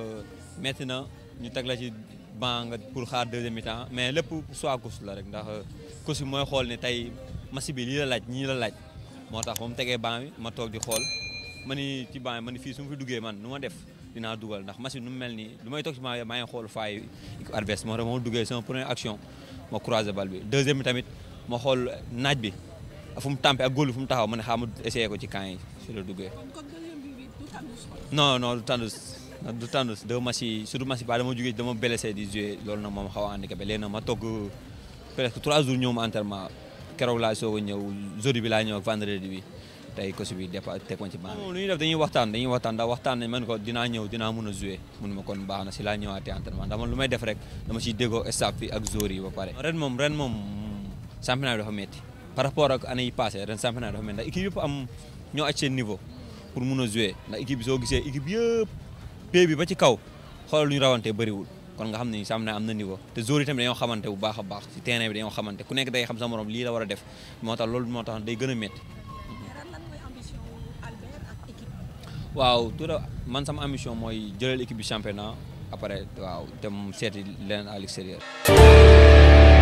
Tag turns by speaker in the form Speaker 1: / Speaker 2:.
Speaker 1: Euh, metti na ñu teg la ci banc nga pour xaar deuxième mi-temps mais lépp soit course la rek ndax euh, course bi mooy xool ne tey match bi lii la laaj ñii la laaj moo tax ba mu tegee banc bi ma toog xool ma ni ci banc bi ma ni duggee man nu ma def dinaa dugal ndax match bi nu mel nii lu may toog ci maa ngi xool faay adverse moo tax ma duggee sama première action ma croisé bal bi deuxième bi tamit ma xool naaj bi fu mu tàmpe ak góol bi fu mu taxaw ma ne xaaral ma essayé ko ci camp yi si la duggee non non du tànn ndax du tànn deux matchs yi surtout dama jógee dama blessé di joué loolu nag moom xaw a handicapé léegi nag ma togg euh, presque trois jours ñëw ma entraînement keroog laa soog a ñëw jeudi bi laa ñëw ak vendredi bi tey coach bi def teg ko ci baax lu ñuy def dañuy dinaa ñëw dinaa a joué mun ma kon baax na si laa ñëwaatee entraînement ndax man lu may def rek dama siy déggoo staff bi ak joueurs ba pare ren moom ren moom championnat bi par rapport ak année yi passé ren championnat bi dafa metti ndax équipe yëpp am ñoo pay bi ba ci kaw xoolal lu rawantee bariwul kon nga xam ne sam na am na niveau te joueurs yi tamit dañoo xamante bu baax a baax ci terrain bi dañoo xamante ku nekk day xam sa morom lii la war a def moo tax loolu moo tax day gën a métti waaw tout man sama ambition mooy jëlal équipe bi championnat après waaw dem seeti leneen à